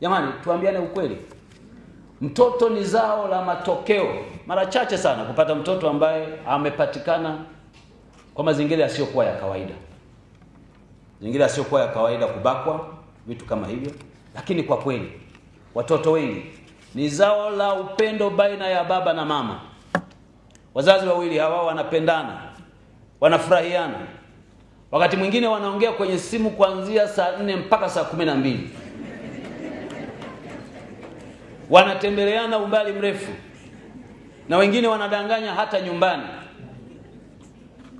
Jamani, tuambiane ukweli, mtoto ni zao la matokeo. Mara chache sana kupata mtoto ambaye amepatikana kwa mazingira yasiyokuwa ya kawaida, mazingira yasiyokuwa ya kawaida, kubakwa, vitu kama hivyo. Lakini kwa kweli watoto wengi ni zao la upendo baina ya baba na mama. Wazazi wawili hawa wanapendana, wanafurahiana, wakati mwingine wanaongea kwenye simu kuanzia saa nne mpaka saa kumi na mbili wanatembeleana umbali mrefu, na wengine wanadanganya hata nyumbani,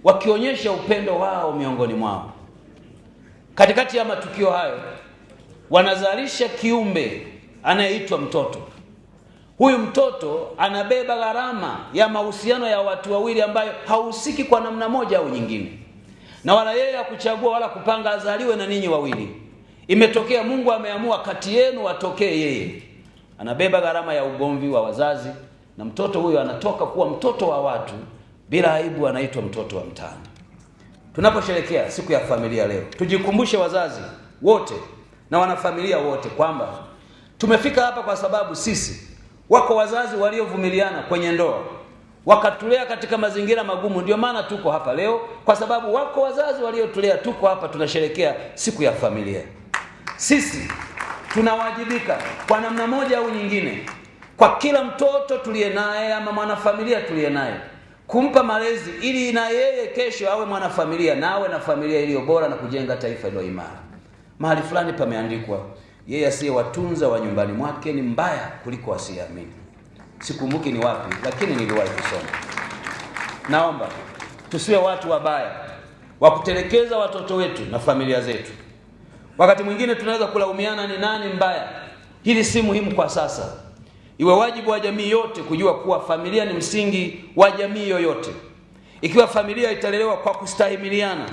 wakionyesha upendo wao miongoni mwao. Katikati ya matukio hayo, wanazalisha kiumbe anayeitwa mtoto. Huyu mtoto anabeba gharama ya mahusiano ya watu wawili ambayo hahusiki kwa namna moja au nyingine, na wala yeye akuchagua wala kupanga azaliwe na ninyi wawili. Imetokea Mungu ameamua kati yenu watokee yeye anabeba gharama ya ugomvi wa wazazi, na mtoto huyo anatoka kuwa mtoto wa watu bila aibu, anaitwa mtoto wa mtaani. Tunaposherekea siku ya familia leo, tujikumbushe wazazi wote na wanafamilia wote kwamba tumefika hapa kwa sababu sisi, wako wazazi waliovumiliana kwenye ndoa wakatulea katika mazingira magumu. Ndio maana tuko hapa leo, kwa sababu wako wazazi waliotulea. Tuko hapa tunasherekea siku ya familia. Sisi tunawajibika kwa namna moja au nyingine kwa kila mtoto tuliye naye ama mwanafamilia tuliye naye kumpa malezi ili na yeye kesho awe mwanafamilia na awe na familia iliyo bora na kujenga taifa iliyo imara. Mahali fulani pameandikwa, yeye asiyewatunza wa nyumbani mwake ni mbaya kuliko asiyeamini. Sikumbuki ni wapi, lakini niliwahi kusoma. Naomba tusiwe watu wabaya wa kutelekeza watoto wetu na familia zetu. Wakati mwingine tunaweza kulaumiana ni nani mbaya. Hili si muhimu kwa sasa. Iwe wajibu wa jamii yote kujua kuwa familia ni msingi wa jamii yoyote. Ikiwa familia italelewa kwa kustahimiliana,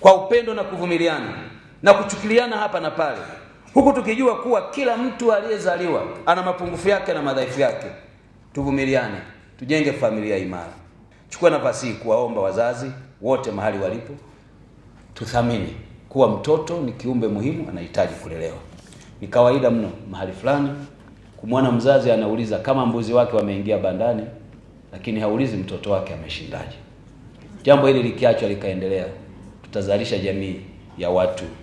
kwa upendo na kuvumiliana na kuchukiliana hapa na pale, huku tukijua kuwa kila mtu aliyezaliwa ana mapungufu yake na madhaifu yake, tuvumiliane, tujenge familia imara. Chukua nafasi hii kuwaomba wazazi wote mahali walipo, tuthamini kuwa mtoto ni kiumbe muhimu, anahitaji kulelewa. Ni kawaida mno mahali fulani kumwona mzazi anauliza kama mbuzi wake wameingia bandani, lakini haulizi mtoto wake ameshindaje. Jambo hili likiachwa likaendelea, tutazalisha jamii ya watu